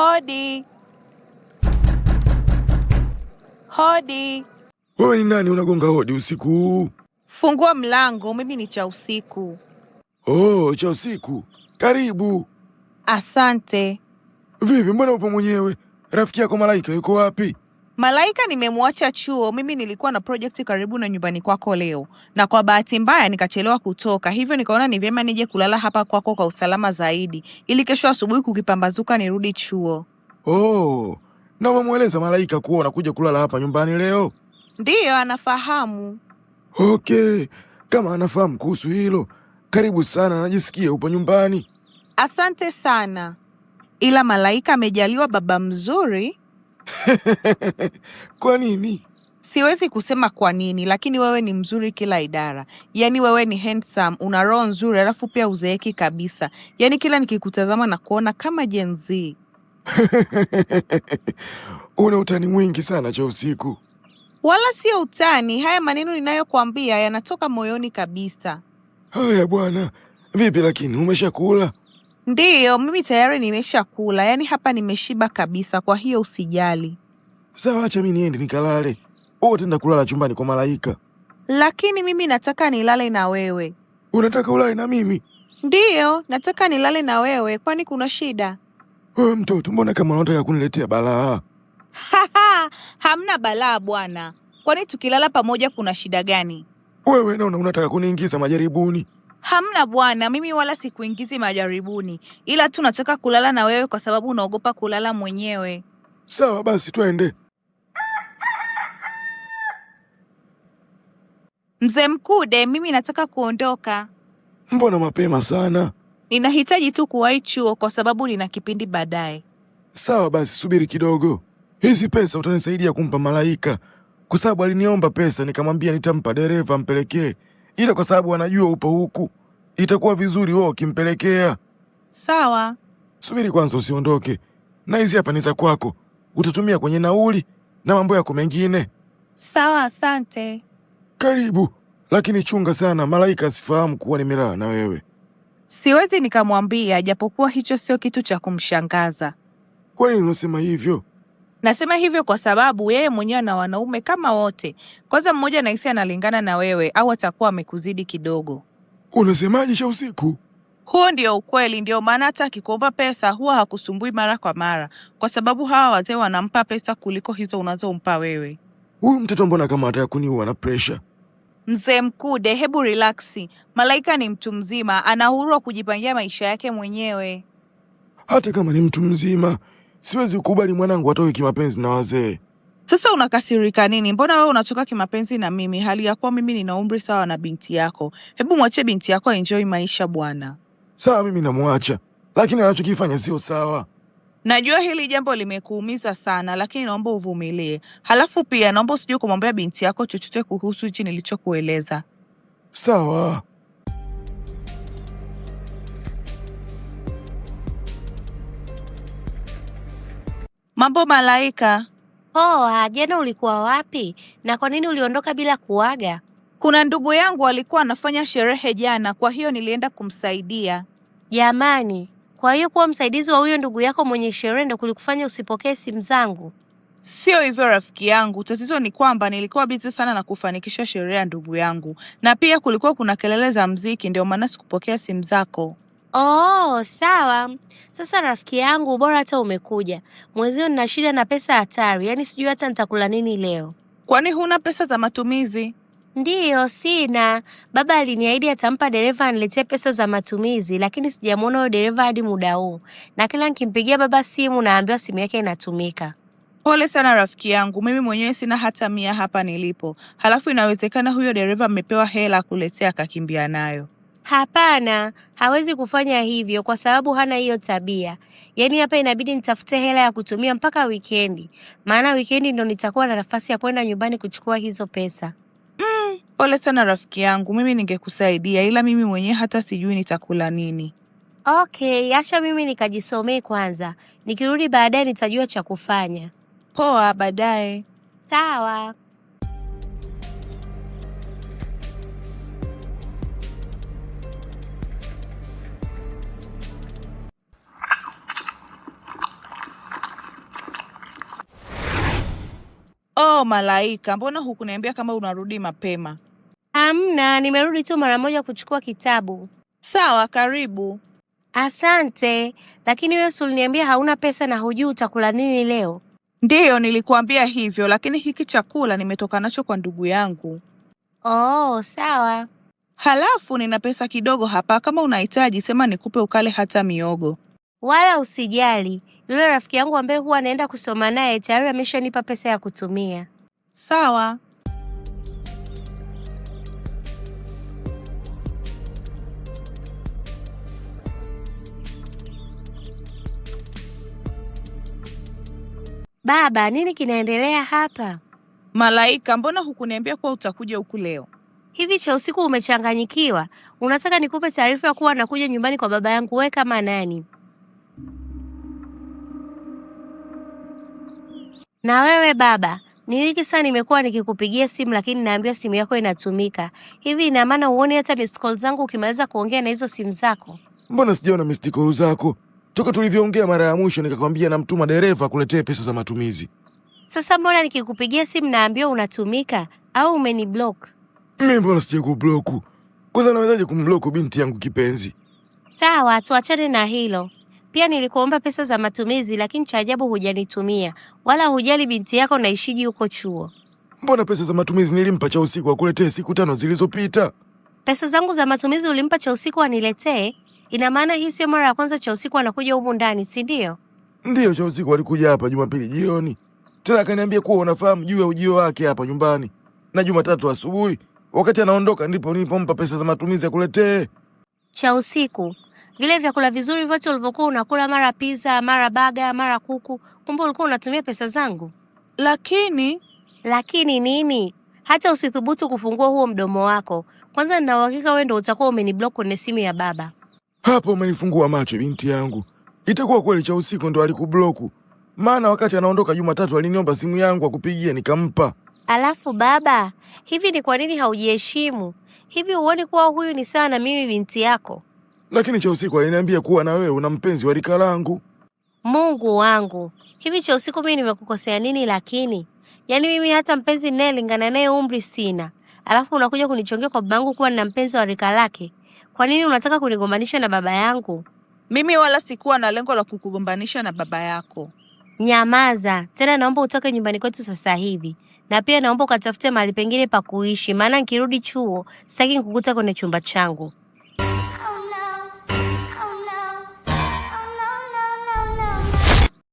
Hodi. Hodi. Wewe ni nani unagonga hodi usiku? Fungua mlango, mimi ni cha usiku. Oh, cha usiku. Karibu. Asante. Vipi, mbona upo mwenyewe? Rafiki yako Malaika yuko wapi? Malaika nimemwacha chuo. Mimi nilikuwa na project karibu na nyumbani kwako leo, na kwa bahati mbaya nikachelewa kutoka, hivyo nikaona ni vyema nije kulala hapa kwako kwa usalama zaidi, ili kesho asubuhi kukipambazuka nirudi chuo. Oh, na umemweleza Malaika kuwa unakuja kulala hapa nyumbani leo? Ndiyo, anafahamu. Okay, kama anafahamu kuhusu hilo, karibu sana, najisikia upo nyumbani. Asante sana. Ila Malaika amejaliwa baba mzuri Kwa nini? Siwezi kusema kwa nini, lakini wewe ni mzuri kila idara. Yaani wewe ni handsome, una roho nzuri, alafu pia uzeeki kabisa. Yaani kila nikikutazama na kuona kama Gen Z. Una utani mwingi sana cha usiku. Wala sio utani, haya maneno ninayokuambia yanatoka moyoni kabisa. Haya bwana, vipi lakini umeshakula? Ndiyo, mimi tayari nimeshakula, yaani hapa nimeshiba kabisa, kwa hiyo usijali. Sawa, acha mimi niende nikalale. Wewe utaenda kulala chumbani kwa Malaika. Lakini mimi nataka nilale na wewe. Unataka ulale na mimi? Ndiyo, nataka nilale na wewe, kwani kuna shida? Wewe mtoto, mbona kama unataka kuniletea balaa? Hamna balaa bwana, kwani tukilala pamoja kuna shida gani? Wewe naona unataka kuniingiza majaribuni. Hamna bwana, mimi wala sikuingizi majaribuni, ila tu nataka kulala na wewe kwa sababu unaogopa kulala mwenyewe. Sawa basi, twende. Mzee Mkude, mimi nataka kuondoka. Mbona mapema sana? Ninahitaji tu kuwahi chuo kwa sababu nina kipindi baadaye. Sawa basi, subiri kidogo. Hizi pesa utanisaidia kumpa Malaika, kwa sababu aliniomba pesa, nikamwambia nitampa dereva ampelekee ila kwa sababu wanajua upo huku, itakuwa vizuri wewe ukimpelekea. Sawa. Subiri kwanza, usiondoke, na hizi hapa ni za kwako, utatumia kwenye nauli na mambo yako mengine. Sawa, asante. Karibu, lakini chunga sana, malaika asifahamu kuwa nimelala na wewe. Siwezi nikamwambia, japokuwa hicho sio kitu cha kumshangaza. Kwa nini unasema hivyo? Nasema hivyo kwa sababu yeye mwenyewe ana wanaume kama wote. Kwanza mmoja anahisi analingana na wewe au atakuwa amekuzidi kidogo. Unasemaje sha usiku? Huo ndio ukweli. Ndio maana hata akikuomba pesa huwa hakusumbui mara kwa mara, kwa sababu hawa wazee wanampa pesa kuliko hizo unazompa wewe. Huyu mtoto mbona kama ataka kuniua na presha? Mzee Mkude, hebu relaksi. Malaika ni mtu mzima, ana uhuru wa kujipangia maisha yake mwenyewe. Hata kama ni mtu mzima, Siwezi kukubali mwanangu atoke kimapenzi na wazee. Sasa unakasirika nini? Mbona wewe unatoka kimapenzi na mimi, hali ya kuwa mimi nina umri sawa na binti yako? Hebu mwache binti yako enjoy maisha bwana. Sawa, mimi namwacha, lakini anachokifanya sio sawa. Najua hili jambo limekuumiza sana, lakini naomba uvumilie. Halafu pia naomba usijue kumwambia binti yako chochote kuhusu hichi nilichokueleza, sawa? Mambo Malaika. Poa, oh, jana ulikuwa wapi na kwa nini uliondoka bila kuaga? Kuna ndugu yangu alikuwa anafanya sherehe jana, kwa hiyo nilienda kumsaidia. Jamani, kwa hiyo kuwa msaidizi wa huyo ndugu yako mwenye sherehe ndo kulikufanya usipokee simu zangu? Sio hivyo rafiki yangu, tatizo ni kwamba nilikuwa bizi sana na kufanikisha sherehe ya ndugu yangu, na pia kulikuwa kuna kelele za mziki, ndio maana sikupokea simu zako. Oh, sawa. Sasa rafiki yangu, bora hata umekuja. mwezio nina shida na pesa hatari, yaani sijui hata nitakula nini leo. Kwani huna pesa za matumizi? Ndiyo, sina. Baba aliniahidi atampa dereva aniletee pesa za matumizi, lakini sijamwona huyo dereva hadi muda huu, na kila nikimpigia baba simu naambiwa simu yake inatumika. Pole sana rafiki yangu, mimi mwenyewe sina hata mia hapa nilipo. Halafu inawezekana huyo dereva amepewa hela kuletea akakimbia nayo. Hapana, hawezi kufanya hivyo kwa sababu hana hiyo tabia. Yaani hapa inabidi nitafute hela ya kutumia mpaka wikendi, maana wikendi ndo nitakuwa na nafasi ya kwenda nyumbani kuchukua hizo pesa. Mm, pole sana rafiki yangu, mimi ningekusaidia ila mimi mwenyewe hata sijui nitakula nini. Okay, acha mimi nikajisomee kwanza, nikirudi baadaye nitajua cha kufanya. Poa, baadaye. Sawa. Oh, malaika, mbona hukuniambia kama unarudi mapema? Hamna, nimerudi tu mara moja kuchukua kitabu. Sawa, karibu. Asante, lakini wewe uliniambia hauna pesa na hujui utakula nini leo. Ndiyo, nilikuambia hivyo, lakini hiki chakula nimetoka nacho kwa ndugu yangu. Oh, sawa. Halafu nina pesa kidogo hapa, kama unahitaji sema nikupe ukale hata miogo. Wala usijali, yule rafiki yangu ambaye huwa anaenda kusoma naye tayari ameshanipa pesa ya kutumia. Sawa. Baba, nini kinaendelea hapa? Malaika, mbona hukuniambia kuwa utakuja huku leo? Hivi cha usiku umechanganyikiwa? Unataka nikupe taarifa kuwa anakuja nyumbani kwa baba yangu? We kama nani? Na wewe baba, ni wiki sana nimekuwa nikikupigia simu lakini naambiwa simu yako inatumika. Hivi ina maana uone hata missed call zangu ukimaliza kuongea na hizo simu zako? Mbona sijaona missed call zako? Toka tulivyoongea mara ya mwisho nikakwambia namtuma dereva akuletee pesa za matumizi. Sasa mbona nikikupigia simu naambiwa unatumika au umeniblock? Mimi mbona sijakublock? Kwanza nawezaje kumblock binti yangu kipenzi? Sawa, tuachane na hilo. Pia nilikuomba pesa za matumizi, lakini cha ajabu hujanitumia, wala hujali binti yako naishiji huko chuo. Mbona pesa za matumizi nilimpa cha usiku akuletee siku tano zilizopita? Pesa zangu za matumizi ulimpa cha usiku aniletee? Ina maana hii sio mara ya kwanza cha usiku anakuja humu ndani, si ndio? Ndiyo, cha usiku alikuja hapa Jumapili jioni, tena akaniambia kuwa unafahamu juu ya ujio wake hapa nyumbani, na Jumatatu asubuhi wakati anaondoka ndipo nilipompa pesa za matumizi akuletee. Cha usiku, vile vyakula vizuri vyote ulivyokuwa unakula, mara pizza, mara baga, mara kuku, kumbe ulikuwa unatumia pesa zangu. Lakini lakini nini? Hata usithubutu kufungua huo mdomo wako. Kwanza nina uhakika wewe ndio utakuwa umeniblock kwenye simu ya baba. Hapo umenifungua macho, binti yangu. Itakuwa kweli cha usiku ndo alikublock? maana wakati anaondoka Jumatatu aliniomba simu yangu akupigie, nikampa. Alafu baba, hivi ni kwa nini haujiheshimu? Hivi huoni kuwa huyu ni sawa na mimi binti yako? lakini cha usiku aliniambia kuwa na wewe una mpenzi wa rika langu. Mungu wangu, hivi cha usiku mimi nimekukosea nini? Lakini yaani mimi hata mpenzi ninayelingana naye umri sina, alafu unakuja kunichongea kwa babangu kuwa nina mpenzi wa rika lake. Kwa nini unataka kunigombanisha na baba yangu? Mimi wala sikuwa na lengo la kukugombanisha na baba yako. Nyamaza tena, naomba utoke nyumbani kwetu sasa hivi, na pia naomba ukatafute mahali pengine pa kuishi, maana nikirudi chuo sitaki nikukuta kwenye chumba changu.